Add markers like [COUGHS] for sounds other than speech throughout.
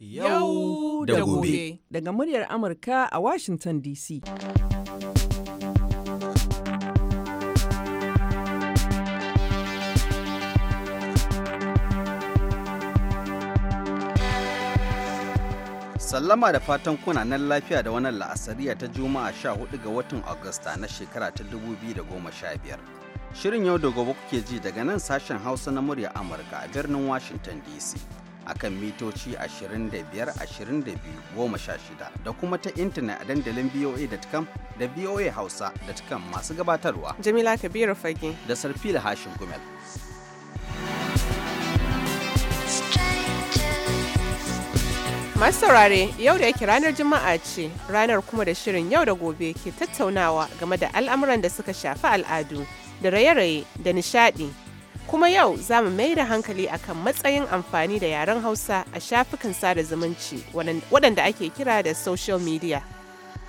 yau da gobe daga muryar amurka a washington dc sallama da fatan kuna nan lafiya da wannan la'asariya ta juma'a 14 ga watan agusta na shekara ta 2015 shirin yau da gobe kuke ji daga nan sashen hausa na murya amurka a birnin washington dc akan mitoci 25-22-16 da kuma ta intanet a dandalin boa.com da voahausa.com masu gabatarwa. Jamila Kabiru Fage. Da Sarfila Hashim Gumel. Masu saurare yau da yake ranar Juma'a ce ranar kuma da shirin yau da gobe ke tattaunawa game da al'amuran da suka shafi al'adu da raye-raye da nishadi Kuma yau za mu mai da hankali akan matsayin amfani da yaren Hausa a shafukan sada zumunci waɗanda ake kira da social media.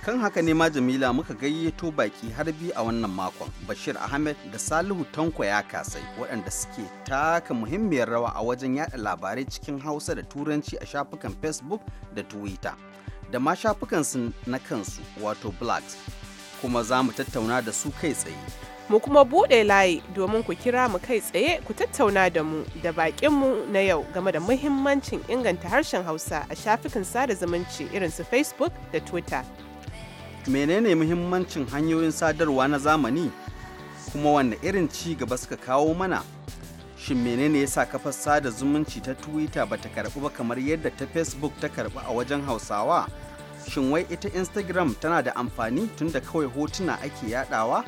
Kan haka ne ma Jamila muka gayyato baki har biyu a wannan makon Bashir Ahmed da Salihu Tanko ya kasai waɗanda suke taka muhimmiyar rawa a wajen yada labarai cikin Hausa da Turanci a shafukan Facebook da Twitter da ma shafukansu na kansu wato blogs kuma za mu tattauna da su kai tsaye. mu kuma buɗe layi domin ku kira mu kai tsaye ku tattauna da mu da baƙinmu na yau game da muhimmancin inganta harshen Hausa a shafukan sada zumunci irin su Facebook da Twitter. Menene muhimmancin hanyoyin sadarwa na zamani? Kuma wanne irin ci gaba suka kawo mana? Shin menene yasa kafar sada zumunci ta Twitter bata karɓi ba kamar yadda ta Facebook ta karɓi a wajen Hausawa? Shin wai ita Instagram tana da amfani tunda kawai hotuna ake yadawa?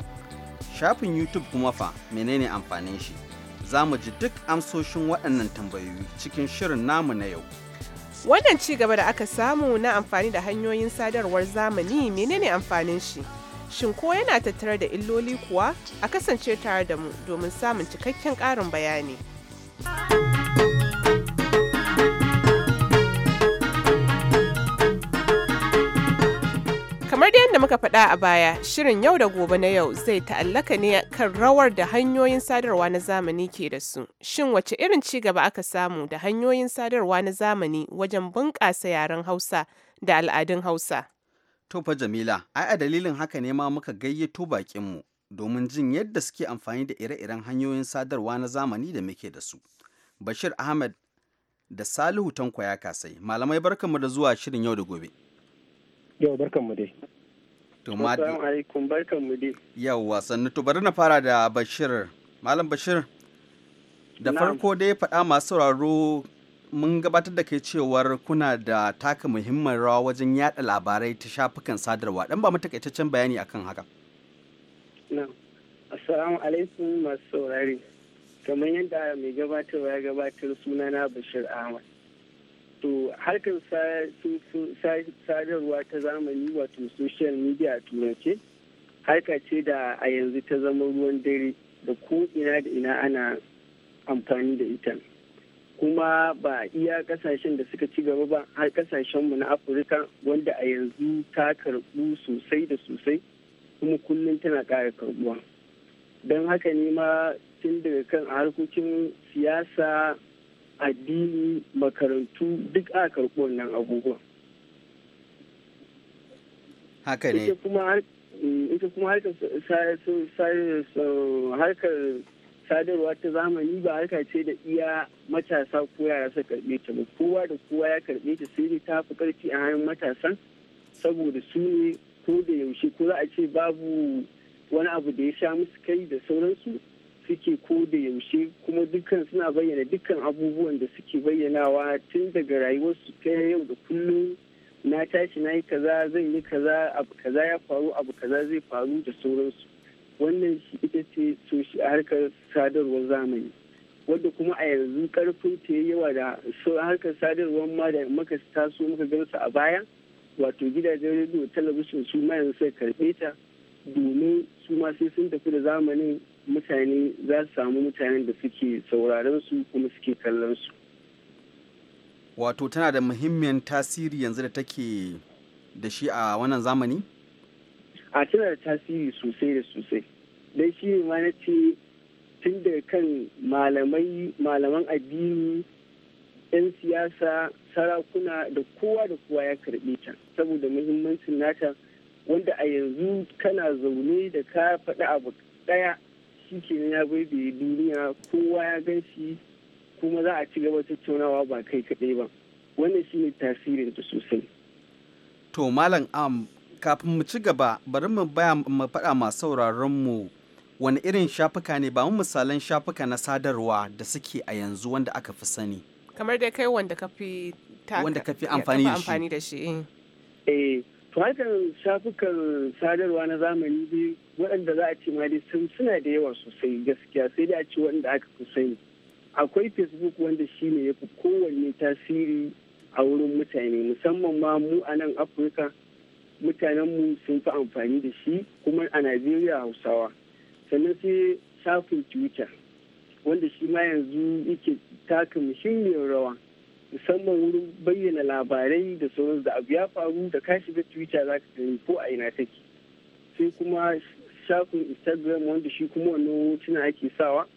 Shafin YouTube kuma fa menene amfanin shi? Za mu ji duk amsoshin waɗannan tambayoyi cikin shirin namu na yau. Wannan ci gaba da aka samu na amfani da hanyoyin sadarwar zamani menene amfanin shi? Shin ko yana tattare da illoli kuwa? A kasance tare da mu domin samun cikakken ƙarin bayani. muka faɗa a baya, shirin yau da gobe na yau zai ta'allaka ne kan rawar da hanyoyin sadarwa na zamani ke da su. Shin wace irin ci gaba aka samu da hanyoyin sadarwa na zamani wajen bunƙasa yaren Hausa da al'adun Hausa? tofa fa Jamila, ai a dalilin haka ne ma muka gayyato bakinmu domin jin yadda suke amfani da ire-iren hanyoyin sadarwa na zamani da muke da su. Bashir Ahmed da Salihu tankwa ya kasai. Malamai barkanmu da zuwa shirin yau da gobe. Yau barkanmu dai. To ma alaikum Yawwa sannu to bari na fara da Bashir. Malam Bashir. Da farko dai faɗa masu sauraro mun gabatar da kai cewar kuna da taka muhimmin rawa wajen yada labarai ta shafukan sadarwa dan ba mu takaitaccen bayani akan haka. Assalamu alaikum masu saurari. Kamar yadda mai gabatarwa ya gabatar sunana Bashir Ahmad. to harkar sadarwa ta zamani wato social media a turance harka ce da a yanzu ta zama ruwan dare da ko ina da ina ana amfani da ita kuma ba iya kasashen da suka ci gaba ba har kasashenmu na afirka wanda a yanzu ta karbu sosai da sosai kuma kullum tana ƙara karbuwa don haka ne ma tun daga kan harkokin siyasa addini makarantu duk a karɓo nan abubuwan haka ne ita kuma harkar sadarwa ta zamani ba harka ce da iya matasa ko yara su karɓe ta ba kowa da kowa ya karɓe ta sai dai ta fi ƙarfi a hannun matasan saboda su ne ko da yaushe ko za a ce babu wani abu da ya sha musu kai da sauransu suke ko da yaushe kuma dukkan suna bayyana dukkan abubuwan da suke bayyanawa tun daga rayuwarsu ta yau da kullum na tashi na yi kaza zan yi kaza abu kaza ya faru abu kaza zai faru da sauransu wannan shi ita ce so shi a harkar sadarwar zamani wadda kuma a yanzu karfin ta yawa da harkar sadarwar ma da muka taso muka gansu a baya wato gidajen rediyo talabijin su ma yanzu sai karbe ta domin su ma sai sun tafi da zamanin mutane za su samu mutanen da suke sauraron su kuma suke kallon su wato tana da muhimmin tasiri yanzu da take da shi a wannan zamani a tana da tasiri sosai da sosai don shi ne ma na ce tun da kan malamai malaman addini 'yan siyasa sarakuna da kowa da kowa ya karɓe ta saboda muhimmancin nata wanda a yanzu kana zaune da ka faɗi abu ɗaya shi ke ya baibaye duniya kowa ya gan shi kuma za a ci gaba tattaunawa ba kai kaɗai ba wannan shine tasirin ta sosai to malam am kafin mu ci gaba bari mu baya mu faɗa ma sauraron mu wani irin shafuka ne ba mu misalan shafuka na sadarwa da suke a yanzu wanda aka fi sani kamar dai kai wanda ka fi amfani da shi eh. Eh, to shafukan sadarwa na zamani biyu waɗanda za a ce ma dai suna da yawa sosai gaskiya sai dai a ce waɗanda aka fi sani akwai facebook wanda shi ne ya fi kowanne tasiri a wurin mutane musamman ma mu a nan afirka mutanenmu sun fi amfani da shi kuma a najeriya hausawa sannan sai shafin twitter wanda shi ma yanzu yake taka muhimmiyar rawa musamman wurin bayyana labarai da sauran da abu ya faru da ka shiga twitter za ka gani ko a ina take sai kuma shafin instagram wanda shi kuma wannan hotuna ake sawa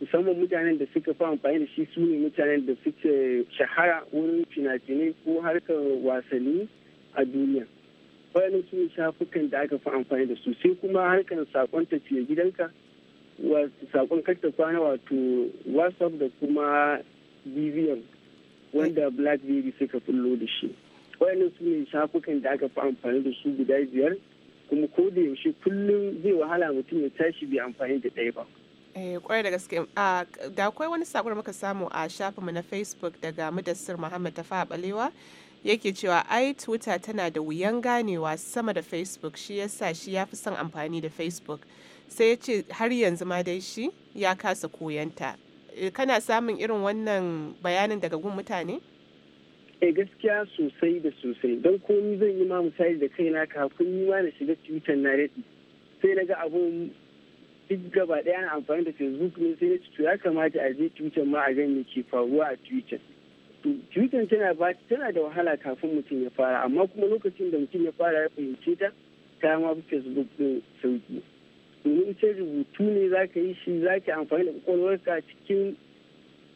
musamman mutanen da suka fi amfani da shi su ne mutanen da suke shahara wurin fina-finai ko harkar wasanni a duniya bayan su ne shafukan da aka fi amfani da su sai kuma harkar sakon tafiya gidanka sakon karta kwana wato whatsapp da kuma bbm wanda blackberry suka fullo da shi wayannan su ne shafukan da aka fi amfani da su guda biyar kuma ko da yaushe kullum zai wahala mutum ya tashi bai amfani da ɗaya ba kwarai eh, da gaske da akwai wani sakon muka samu a shafinmu na facebook daga mudassir muhammad tafa balewa yake cewa ai twitter tana da wuyan ganewa sama da facebook shi yasa shi ya fi son amfani da facebook sai ya ce har yanzu ma dai shi ya kasa koyanta Eh, kana samun irin wannan bayanin daga gun mutane? e gaskiya sosai da sosai don komi zan yi ma misali da kaina kafin yi ma na shiga twitter na daɗi sai na ga abun duk gaba ɗaya na amfani da facebook ne sai na ci ya kamata a je twitter ma a gan me ke faruwa a twitter twitter tana ba tana da wahala kafin mutum ya fara amma kuma lokacin da mutum ya fara ya fahimce ta ta ma facebook ɗin sauki domin ce rubutu ne za ka yi shi za ki amfani da kwakwalwarka cikin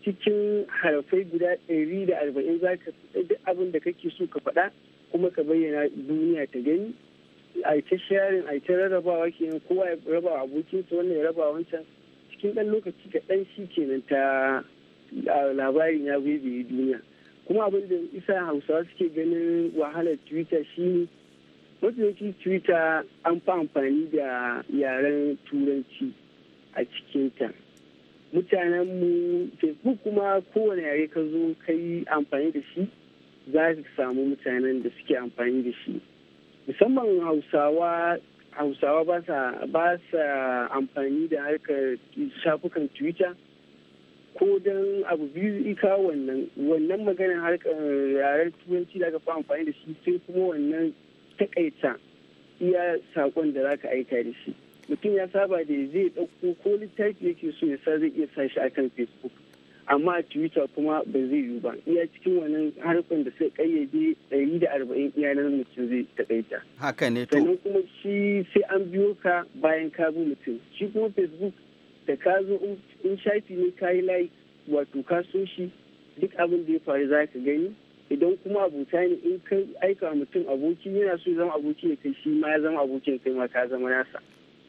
cikin harafai guda ɗari da arba'in za ka duk abin da kake so ka faɗa kuma ka bayyana duniya ta gani a ita sharin a ita rarrabawa ke nan kowa ya raba abokinsa wannan ya raba wancan cikin ɗan lokaci ɗan shi kenan ta labarin ya bai duniya kuma abin da isa hausawa suke ganin wahalar twitter shine mafi twitter an fa amfani da yaren turanci a cikinta mutanen mu facebook kuma kowane yare ka zo ka yi amfani da shi za su samu mutanen da suke amfani da shi musamman hausawa hausawa ba sa amfani da harkar shafukan twitter ko don abu biyu ika wannan wannan maganin harkar yaren turanci da aka fa amfani da shi sai kuma wannan takaita iya sakon da za ka aika da shi mutum ya saba da zai ɗauko ko littafi yake so ya sa zai iya sa shi akan facebook amma a twitter kuma ba zai yiwu ba iya cikin wannan harkar da sai kayyade ɗari da arba'in iyanar mutum zai takaita haka ne to sannan kuma shi sai an biyo ka bayan ka bi mutum shi kuma facebook da ka zo in shafi ne kayi yi like wato ka so shi duk abin da ya faru za ka gani idan kuma abuta ne in ka aika mutum aboki yana so zama aboki kai shi ma ya zama abokin kai ma ka zama nasa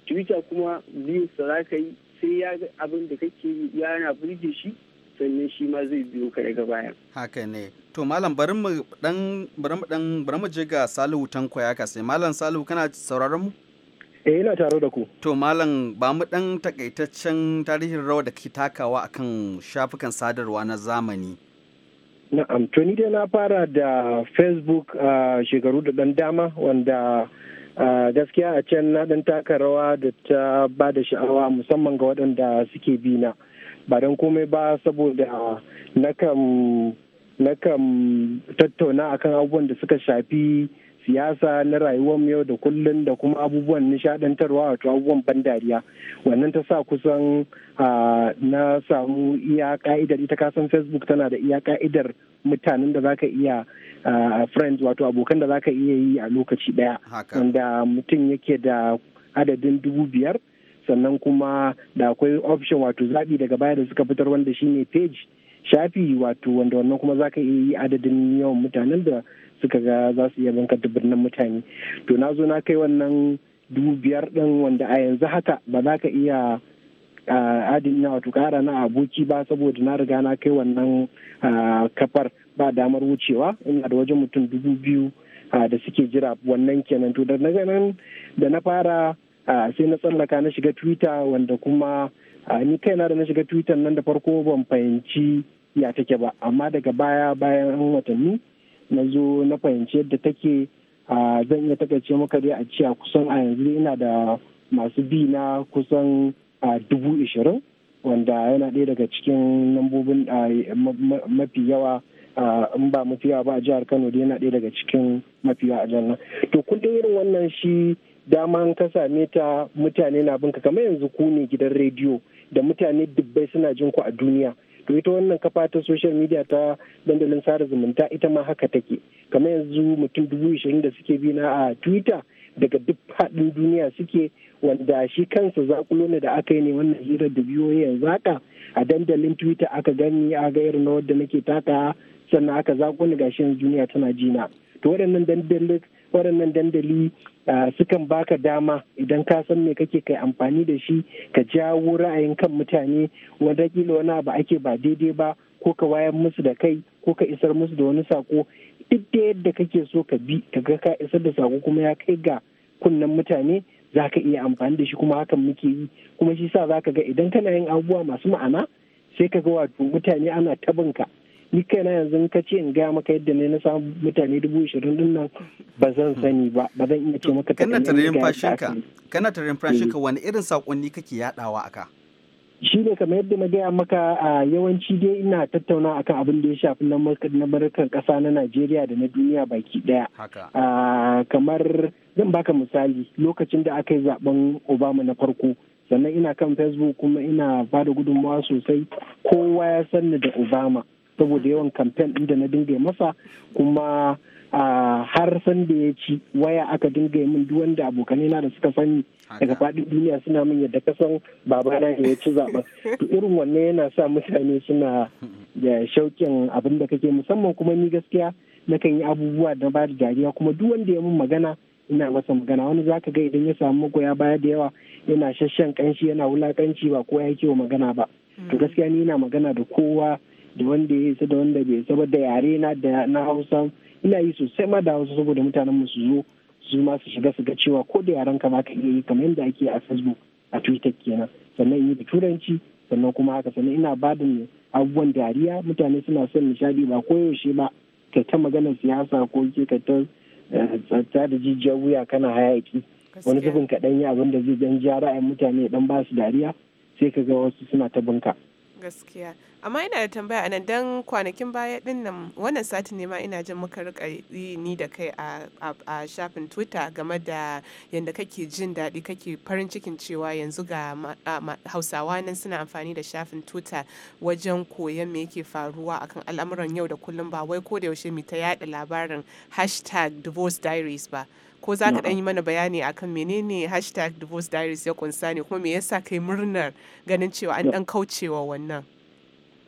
twitter kuma biyu sa za ka yi sai ya ga abin da kake yi yana burge shi sannan shi ma zai biyo ka daga bayan haka ne to malam bari mu dan bari mu dan bari mu je ga Salihu Tanko ya kasai malam Salihu kana sauraron mu eh ina tare da ku to malam ba mu dan takaitaccen tarihin rawa da ke takawa akan shafukan sadarwa na zamani Na'am, to ni dai na fara da Facebook shekaru da ɗan dama wanda gaskiya a can na ɗan taka rawa da ta ba da sha'awa musamman ga waɗanda suke bi na. Ba don komai ba saboda na kan tattauna akan abubuwan da suka shafi siyasa na rayuwar yau da kullun da kuma abubuwan nishadantarwa wato abubuwan ban dariya wannan ta sa kusan na samu iya ka'idar ita kasan facebook tana da iya ka'idar mutanen da zaka iya friends wato abokan da zaka iya yi a lokaci daya wanda mutum yake da adadin dubu biyar sannan kuma da akwai option wato zaɓi daga baya da suka fitar wanda shine page shafi wato wanda wannan kuma zaka iya yi adadin yawan mutanen da suka ga za su iya banka birnin mutane to na zo na kai wannan dubu biyar ɗin wanda a yanzu haka ba za ka iya adin na wato kara na aboki ba saboda na riga na kai wannan kafar ba damar wucewa ina da wajen mutum dubu biyu da suke jira wannan kenan to da nan da na fara sai na tsallaka na shiga twitter wanda kuma ni kaina da na shiga twitter nan da farko ban fahimci ya take ba amma daga baya bayan watanni na zo na fahimci yadda take zan iya takaice maka dai a a kusan a yanzu ina da masu bi na kusan dubu ishirin wanda yana ɗaya daga cikin lambobin mafi yawa in ba mafi yawa ba a jihar kano dai yana ɗaya daga cikin mafi yawa a jihar nan to kun irin wannan shi dama ka same ta mutane na binka kamar yanzu ku ne gidan rediyo da mutane dubbai suna jin ku a duniya to ita wannan kafa ta social media ta dandalin sada zumunta ita ma haka take kamar yanzu mutum dubu ishirin da suke bina a twitter daga duk faɗin duniya suke wanda shi kansa zakulo ne da aka yi ne wannan hirar da biyo yanzu haka a dandalin twitter aka gani a ga irin wadda nake taka sannan aka zakulo gashi yanzu duniya tana jina. to waɗannan dandalin waɗannan dandali sukan baka dama idan ka san me kake kai amfani da shi ka jawo ra'ayin kan mutane wanda kila wani abu ake ba daidai ba ko ka wayar musu da kai ko ka isar musu da wani sako duk da yadda kake so ka bi ka ga ka isar da sako kuma ya kai ga kunnen mutane za ka iya amfani da shi kuma hakan muke yi kuma shi sa za ka ga idan kana yin abubuwa masu ma'ana sai ka ga wato mutane ana tabinka ni kaina yanzu ka ce in gaya maka yadda ne na samu mutane dubu ishirin din nan ba zan sani ba ba zan iya ce maka kana tarayin fashinka kana tarayin fashinka eh. wani irin sakonni kake yadawa aka shi ne kamar yadda na gaya maka a yawanci dai ina tattauna akan abin da ya shafi na marukan kasa na najeriya da na duniya baki daya kamar zan baka misali lokacin da aka yi zaben obama na farko sannan ina kan facebook kuma ina bada gudunmawa sosai kowa ya sanni da obama saboda yawan kamfen ɗin da na dinga masa kuma har san da ya ci waya aka dinga min duk wanda na da suka sani daga faɗin duniya suna min yadda ka san na ya ci zaɓen [LAUGHS] to irin wannan yana sa mutane suna da shauƙin abin da kake musamman kuma ni gaskiya nakan yi abubuwa da ba da dariya kuma duk wanda ya min magana ina masa magana wani za ka ga idan ya samu magoya baya da yawa yana shashen kanshi yana wulakanci ba kowa yake magana ba to mm. gaskiya ni ina magana da kowa da wanda ya isa da wanda bai saba da yare na da na hausa ina yi sosai ma da hausa saboda mutanen mu su zo su ma su shiga su ga cewa ko da yaren ka baka iya yi kamar yadda ake a facebook a twitter kenan sannan yi da turanci sannan kuma haka sannan ina ba da abubuwan dariya mutane suna son nishadi ba ko yaushe ba ka ta maganar siyasa ko ke ka ta eh, tsatsa da jijiyar wuya kana hayaki wani zubin kaɗan yi abin da zai dan ra'ayin mutane dan ba su dariya sai ka ga wasu suna ta bunka gaskiya amma ina da tambaya anan dan kwanakin baya din nan wannan satin ne ma ina jin muka rika yi ni da kai a, shafin twitter game da yadda kake jin daɗi kake farin cikin cewa yanzu ga hausawa nan suna amfani da shafin twitter wajen koyon me yake faruwa akan al'amuran yau da kullum ba wai ko da yaushe mu ta yaɗa labarin hashtag divorce diaries ba ko za ka yi mana bayani akan menene hashtag divorce diaries ya kunsa ne kuma me yasa kai murnar ganin cewa an dan kaucewa wannan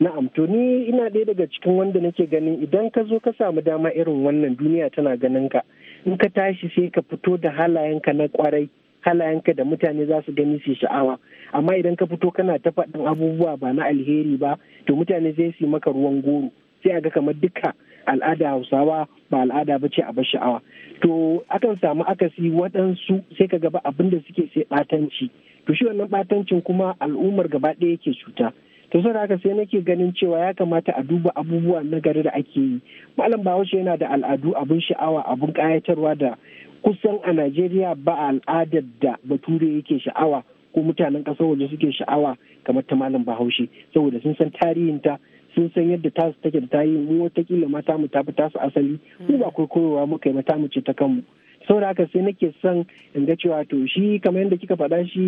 Na'am, to ni ina ɗaya daga cikin wanda nake ganin idan ka zo ka samu dama irin wannan duniya tana ganin ka. In ka tashi sai ka fito da halayenka na kwarai, halayenka da mutane za su gani su sha'awa. Amma idan ka fito kana ta faɗin abubuwa ba na alheri ba, to mutane zai su maka ruwan goro. Sai a ga kamar duka al'ada hausawa ba al'ada ba ce a ba sha'awa to akan samu akasi waɗansu sai ka gaba abin da suke sai ɓatanci to shi wannan ɓatancin kuma al'ummar gaba ɗaya yake cuta to sai haka sai nake ganin cewa ya kamata a duba abubuwa nagari gari da ake yi malam bahaushe yana da al'adu abin sha'awa abin ƙayatarwa da kusan a najeriya ba al'adar da bature yake sha'awa ko mutanen ƙasar waje suke sha'awa kamar ta malam bahaushe saboda sun san tarihinta sun san yadda ta take da ta yi mu watakila mata mu tafi tasu asali mu ba koyowa muka yi mata mu ce ta kanmu saboda haka sai nake son in ga cewa to shi kamar yadda kika faɗa shi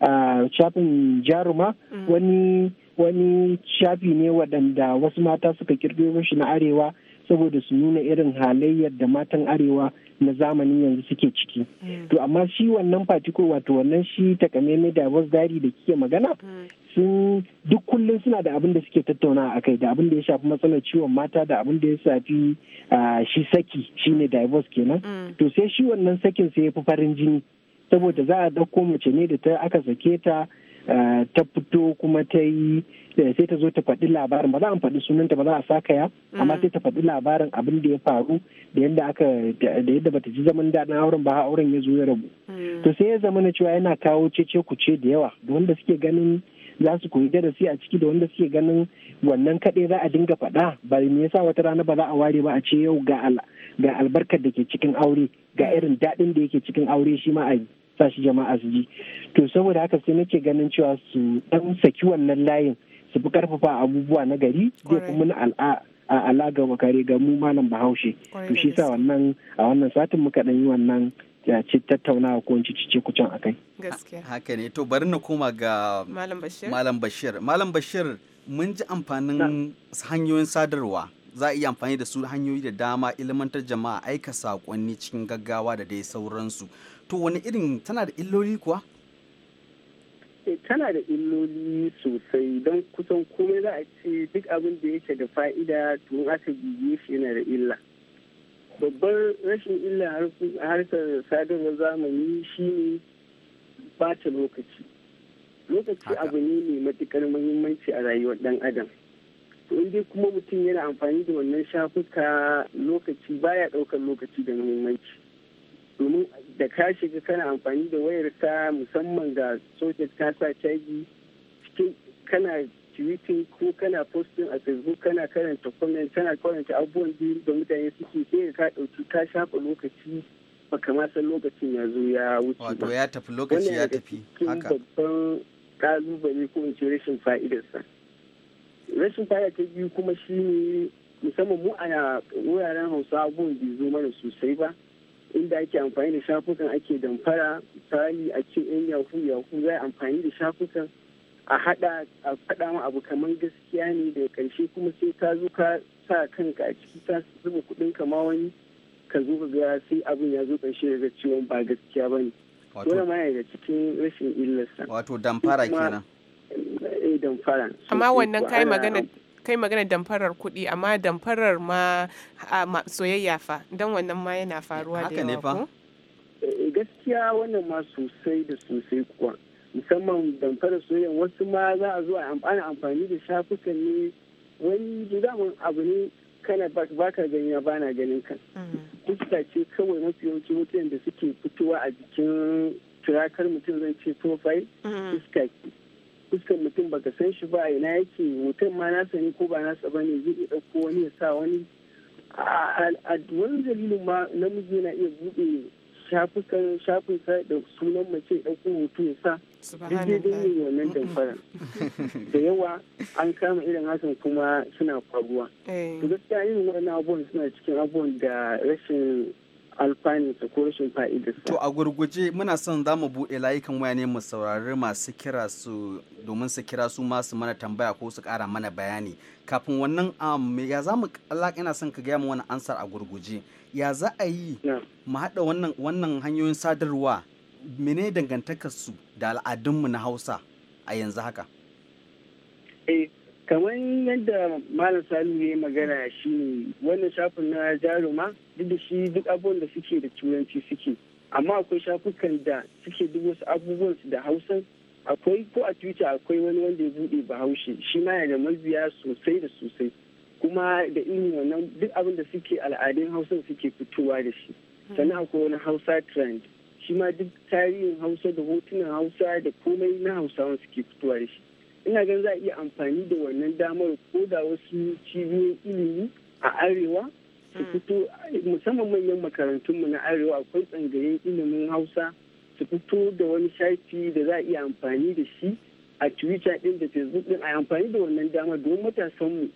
a shafin jaruma mm. wani wani shafi ne waɗanda wasu mata suka kirgo shi na arewa saboda su nuna irin halayyar da matan arewa na zamani yanzu suke ciki mm. to amma shi wannan fatiko wato wannan shi takamaimai diverse dari da kike magana mm. sun duk kullum suna da abin da suke tattauna a kai da abin da ya shafi matsalar ciwon mata da abin da ya shafi shi saki shi shine divorce kenan mm. to sai shi wannan sakin sai ya fi farin jini saboda za a dauko mace ne da ta aka sake ta ta fito kuma ta yi Eh, sai ta zo ta faɗi labarin ba za a faɗi sunanta ba za a sakaya amma sai ta faɗi labarin abin da ya faru da yadda aka da yadda bata ji zaman daɗin auren ba auren ya zo ya rabu hmm. to sai ya zamana cewa yana kawo cece kuce da yawa da wanda suke ganin za su koyi darasi a ciki da wanda suke ganin wannan kaɗai za a dinga faɗa ba me yasa wata rana ba za a ware ba a ce yau ga ga albarkar da ke cikin aure ga irin daɗin da yake cikin aure shi ma a yi sa shi jama'a su ji to saboda haka sai nake ganin cewa su ɗan saki wannan layin su fi karfafa abubuwa na gari zai kuma na al'a a alaga ga mu malam bahaushe to shi sa wannan a wannan satin muka dan yi wannan ci tattaunawa ko in ci kucin akai haka ne to bari na koma ga malam bashir malam bashir mun ji amfanin hanyoyin sadarwa za a iya amfani da su hanyoyi da dama ilmantar jama'a aika saƙonni cikin gaggawa da dai sauransu to wani irin tana da illoli kuwa tana da illoli sosai don kusan komai za a ce duk abin da yake da fa'ida tun aka bibiye shi yana da illa babbar rashin illa harkar sadarwar zamani shi ne bata lokaci lokaci abu ne mai matukar muhimmanci a rayuwar dan adam in dai kuma mutum yana amfani da wannan shafuka lokaci baya ɗaukar lokaci da muhimmanci domin da ka shiga kana amfani da wayar ta musamman ga soket ka sa caji cikin kana tweeting ko kana posting a facebook kana karanta comment kana karanta abubuwan biyu da mutane suke sai ka ɗauki ka shafa lokaci baka ma san lokacin ya zo ya wuce wato ya tafi lokaci ya tafi haka babban kalubale ko in ce rashin fa'idarsa rashin fa'ida ta biyu kuma shine musamman mu ana wuraren hausa abubuwan bai zo mana sosai ba inda ake amfani da shafukan ake damfara misali a ce yan yahu yahu za amfani da shafukan a hada a faɗa ma abu kamar gaskiya ne da ƙarshe kuma sai ka zo ka sa kanka a ciki ka zuba kuɗin kama wani ka zo ka ga sai abin ya zo ƙarshe daga ciwon ba gaskiya ba ne wannan ma yana cikin rashin illarsa wato damfara kenan eh damfara amma wannan kai magana kai magana damfarar kuɗi amma damfarar ma soyayya fa don wannan ma yana faruwa da yawa ko eh, gaskiya wannan ma sosai da sosai kuwa musamman damfarar soyayya wasu ma za a zo a amfani da shafukan ne wani daman abu ne kana baka ka gani ba na ganin kan mm. fuska ce kawai mafi yawanci mutum da suke fitowa a jikin turakar mutum zan ce profile mm. fuska fuskar mutum baka san shi ba ina yake mutum ma na ne ko ba nasa ba ne zai iya ɗauko wani ya sa wani a wani dalilin ma namiji yana iya buɗe shafukan shafin sa da sunan mace ɗauko hoto ya sa dai dai yin wannan damfara da yawa an kama irin hakan kuma suna faruwa eh. to gaskiya irin wannan abubuwan suna cikin abubuwan da rashin alfaninsa ko rashin fa'idarsa. To a gurguje muna son za mu buɗe layukan waya ne mu saurari masu kira su domin su kira su masu mana tambaya ko su ƙara mana bayani. Kafin wannan am ya za mu ina son ka gaya mu wani ansar a gurguje. Ya za a yi mu haɗa wannan wannan hanyoyin sadarwa mene dangantakar su da al'adunmu na Hausa a yanzu haka? Eh, kamar yadda malam salu ya yi magana shi ne wannan shafin na jaruma duk da shi duk abubuwan da suke da turanci suke amma akwai shafukan da suke duk wasu abubuwan da hausa akwai ko a twitter akwai wani wanda ya buɗe bahaushe shi ma yana da sosai da sosai kuma da irin wannan duk abin da suke al'adun hausa suke fitowa da shi sannan akwai wani hausa trend shi ma duk tarihin hausa da hotunan hausa da komai na hausawa suke fitowa da shi ina gan za a iya amfani da wannan damar ko da wasu cibiyoyin ilimi a arewa su hmm. fito musamman manyan makarantunmu na arewa akwai tsangayen ilimin hausa su fito da wani shafi da za a iya amfani da shi a twitter din da facebook din a amfani da wannan damar don matasanmu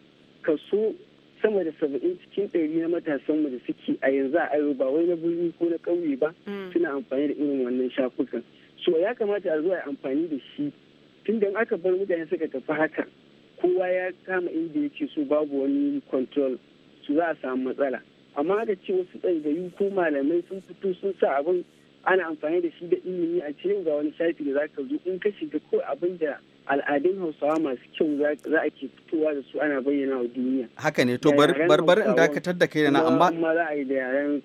kaso sama da saba'in cikin ɗari na matasanmu da suke a yanzu a arewa ba wai na birni ko na ƙauye ba hmm. suna amfani da irin wannan shafukan so ya kamata a zo a amfani da shi tun da aka bar mutane suka tafi haka kowa ya kama inda yake so babu wani control su za a samu matsala amma aka ce wasu ɗaiɗayu ko malamai sun fito sun sa abin ana amfani da shi da ilimi a ce ga wani shafi da zaka zo in ka shiga ko abin da al'adun hausawa masu kyau za a ke fitowa da su ana bayyana wa duniya haka ne to barbar in dakatar da kai na amma amma za a yi da yaren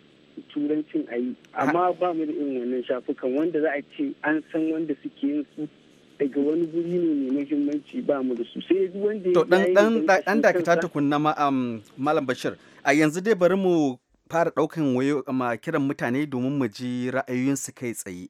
turancin a yi amma ba mu da irin wannan shafukan wanda za a ce an san wanda suke yin su daga wani guri ne mai muhimmanci ba mu da su sai duk wanda ya dan dan dan dakata tukunna kunna malam Bashir a yanzu dai bari mu fara daukan wayo kiran mutane domin mu ji su kai tsaye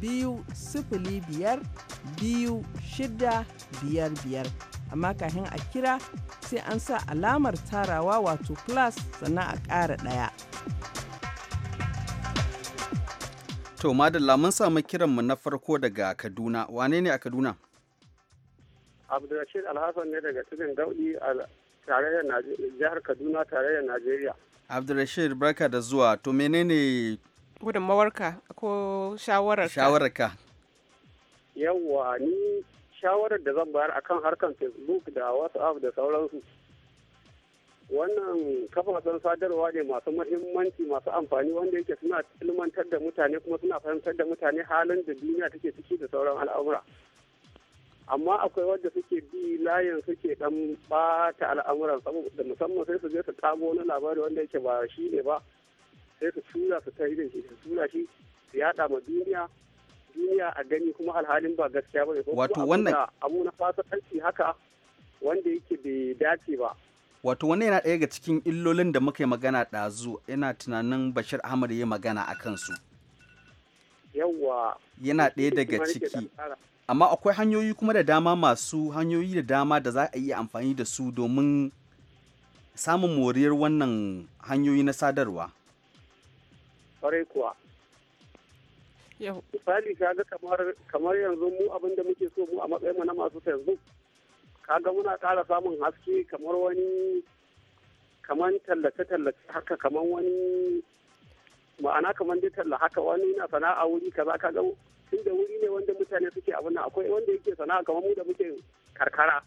biyu sifili biyar biyu shida biyar biyar amma kafin a kira sai an sa alamar tarawa wato class sannan a ƙara ɗaya. To madalla mun samu kiranmu na farko daga Kaduna wane ne a Kaduna? Abdulrashid Alhassan ne daga cikin Gaudi a tarayyar jihar Kaduna tarayyar Najeriya. Abdulrashid barka da zuwa to menene gudunmawarka ko shawararka shawararka yawwa ni shawarar da zan bayar akan harkan facebook da whatsapp da sauransu wannan kafafen sadarwa ne masu mahimmanci masu amfani wanda yake suna ilmantar da mutane kuma suna fahimtar da mutane halin da duniya take ciki da sauran al'amura amma akwai wadda suke bi layin suke dan bata al'amuran saboda musamman sai su je su kago wani labari wanda yake ba shi ne ba sai su tura su kai da shi su tura shi su yada ma duniya duniya a gani kuma alhalin ba gaskiya ba ne wato wannan abu na fasikanci haka wanda yake bai dace ba wato wannan yana daya ga cikin illolin da muka yi magana ɗazu yana tunanin bashir ahmad ya magana a kansu yawa yana daya daga ciki amma akwai hanyoyi kuma da dama masu hanyoyi da dama da za a iya amfani da su domin samun moriyar wannan hanyoyi na sadarwa kwarai kuwa misali ka ga kamar yanzu mu abin da muke so mu a matsayinmu na masu ka kaga muna ƙara samun haske kamar wani kamar tallace-tallace haka kamar wani ma'ana kamar dai talla haka wani na sana'a wuri kaza ga tun da wuri ne wanda mutane suke abin nan akwai wanda yake sana'a kamar mu da muke karkara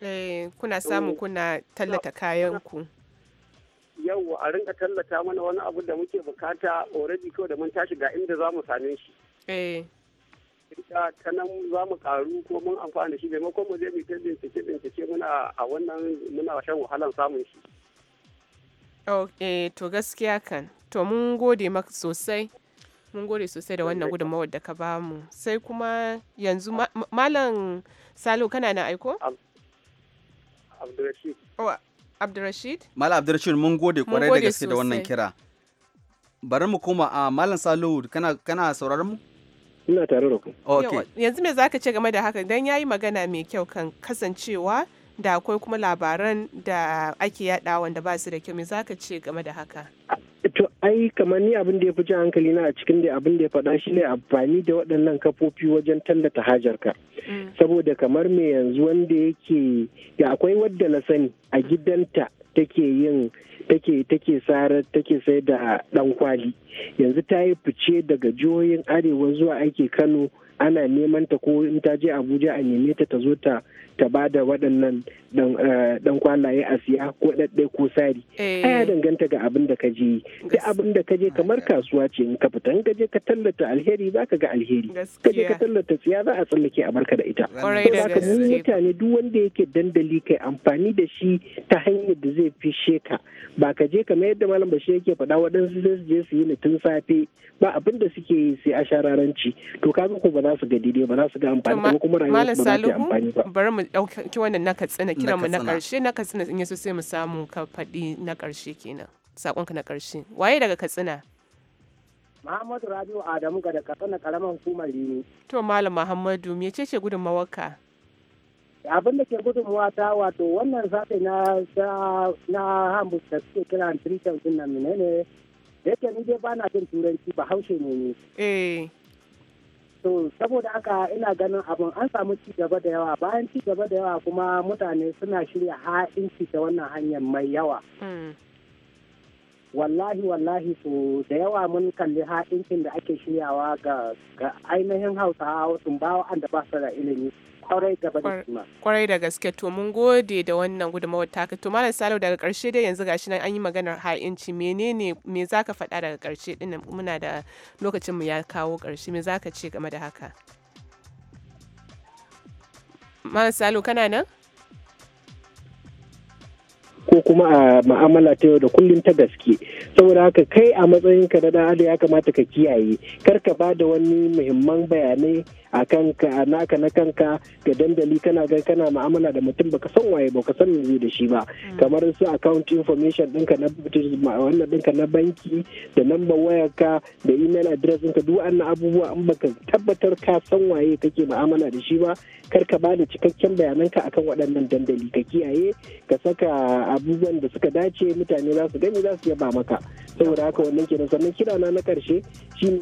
eh kuna samu eh, kuna tallata kayan ku yau a rinka tallata mana wani abu da muke bukata already kawai da mun tashi ga inda za mu same shi. Eh. Ita ta nan za mu karu ko mun amfana da shi maimakon mu zai mu ta bincike bincike muna a wannan muna shan wahalan samun shi. Okay, to gaskiya kan. To mun gode maka sosai. Mun gode sosai da wannan gudunmawar da ka bamu. Sai kuma yanzu malam Salo kana na aiko? Abdulrashid. Abdurrashid? Malam Abdurrashid mun gode kwarai da gaske da wannan kira. Bari mu koma a Malam Salihu kana kana sauraron mu? Ina tare da ku. Okay. Yanzu me zaka ce game da haka dan yayi magana mai kyau kan kasancewa da akwai kuma labaran da ake yada wanda ba su da kyau me zaka ce game da haka? to ai kamar ni abin da ya fi jan hankali na a cikin da abin da ya faɗa shi ne amfani da waɗannan kafofi wajen tallata hajarka mm. saboda kamar me yanzu wanda yake da akwai wadda na sani a gidanta take yin take take take sai da dan kwali yanzu ta yi fice daga jihohin arewa zuwa aiki kano ana neman ta ko in ta je abuja a neme ta ta zo ta ta ba da waɗannan Eh, dan kwalaye a siya ko ɗaɗɗe ko sari eh. ya danganta ga abin da ka je da abin da ka je kamar kasuwa ce in ka fita in ka je ka tallata alheri za ka ga alheri ka je ka tallata tsiya za a tsallake a barka da ita ko ka mu mutane duk wanda yake dandali kai amfani da shi ta hanyar da zai fishe ka ba ka je kamar yadda malam bashir yake faɗa waɗansu sai su je su yi ni tun safe ba abin da suke yi sai a shararanci to ka ko ba za su ga daidai ba za su ga amfani kuma rayuwa ba za su amfani ba bari mu ɗauki wannan mu na karshe na katsina in yaso sai mu samu ka faɗi na karshe kenan sakonka na karshe waye daga katsina Muhammadu Rabiu Adamu ga daga katsina karamar hukumar Limi to malam Muhammadu me ce ce mawaka abin da ke gudunmuwa ta wato wannan zaɓe na na hambu da suke kira Triton din nan menene yake ni dai ba na jin turanci ba haushe ne ni eh to saboda haka ina ganin abin an samu ci gaba da yawa bayan ci gaba da yawa kuma mutane suna shirya inci ta wannan hanyar mai yawa hmm. wallahi wallahi so da yawa mun kalli ha'incin da ake shiryawa ga ainihin hausa sun bawa da ba su da ilimi kwarai da gaske to mun gode da wannan gudunmawar taka to malam salo daga karshe dai yanzu gashi nan an yi maganar ha'inci menene me zaka faɗa daga karshe din muna da lokacin mu ya kawo karshe me zaka ce game da haka malam salo kana nan ko kuma a ma'amala ta yau da kullum ta gaske saboda haka kai a matsayin ka na adam ya kamata ka kiyaye kar ka ba da wani muhimman bayanai a kanka a naka na kanka ga dandali kana ga kana ma'amala da mutum baka san waye baka san me da shi ba mm. kamar su account information ɗinka na wannan ɗinka na banki da number wayar ka da email address ɗinka duk wannan abubuwa in baka tabbatar ka san waye kake ma'amala da shi ba kar ka ba da cikakken bayananka akan waɗannan dandali ka kiyaye ka saka abubuwan da suka dace mutane za su gani za su yaba maka saboda haka wannan kenan sannan kirana na karshe shine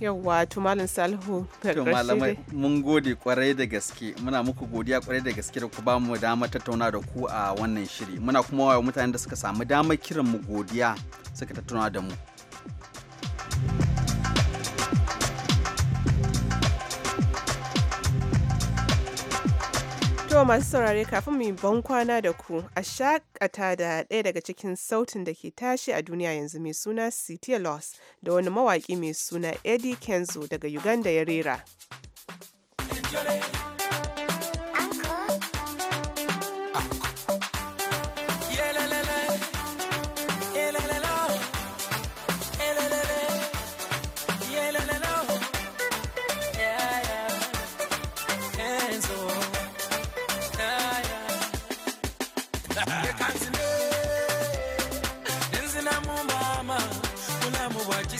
yawwa tumalin salhu to malamai mun gode kwarai da gaske muna muku godiya kwarai da gaske da ku ba mu dama tattauna da ku a wannan shiri muna kuma wa mutanen da suka samu damar kiran mu godiya suka tattauna da mu To masu saurare kafin mu yi kwana da ku a shakata da ɗaya daga cikin sautin da ke tashi a duniya yanzu mai suna City Loss da wani mawaƙi mai suna Eddie Kenzo daga Uganda ya rera.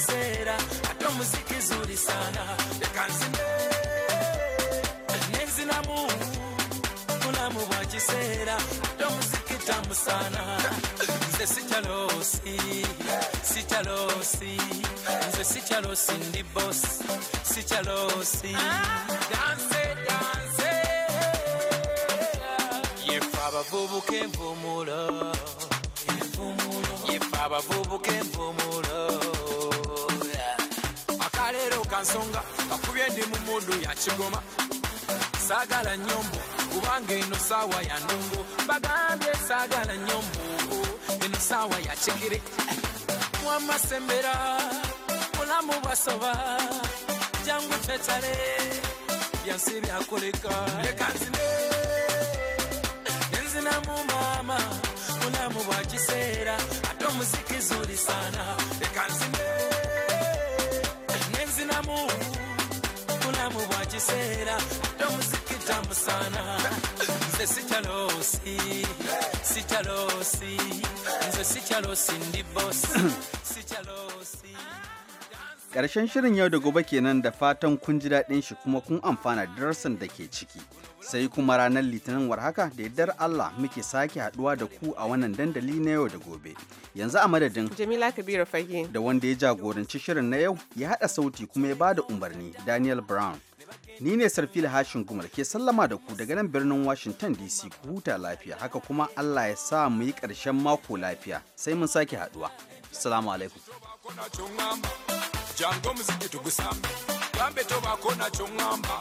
sera hata muziki zuri sana ekanzime nezinamu bulamu bwa kiseera hata muziki tamu sana nze sikyalosi sikyalosi nze sikyalosi ndi bosi sikyalosi danse danse yefe abavubuka envumulo yefe abavubuka envumulo kaleero kansonga kakubye ndi mu mudu yakigoma saagala nyombo kubanga eno saawa ya nongo bagambye saagala nyombo eno saawa ya kigere mwamasembera mulamu bwasoba jangu tetale byansi byakoleka lekanzine enzinamu maama mulamu bwa kiseera ate omuzikizuli sanao kiseera [COUGHS] shirin yau da gobe kenan da fatan kun ji daɗin shi kuma kun amfana darasin da ke ciki. Sai kuma ranar litinin warhaka da ya dar Allah muke sake haɗuwa da ku a wannan dandali na yau da gobe. Yanzu a madadin Jamila Kabiru Fage da wanda ya jagoranci shirin na yau ya haɗa sauti kuma ya ba da umarni Daniel Brown. Ni ne Sarfila Hashin gumar ke sallama da ku daga nan birnin Washington DC ku huta lafiya haka kuma Allah ya sa mu yi ƙarshen mako lafiya sai mun sake haduwa. salamu alaikum. Jango mziki tugusamba, kambe toba kona chungamba,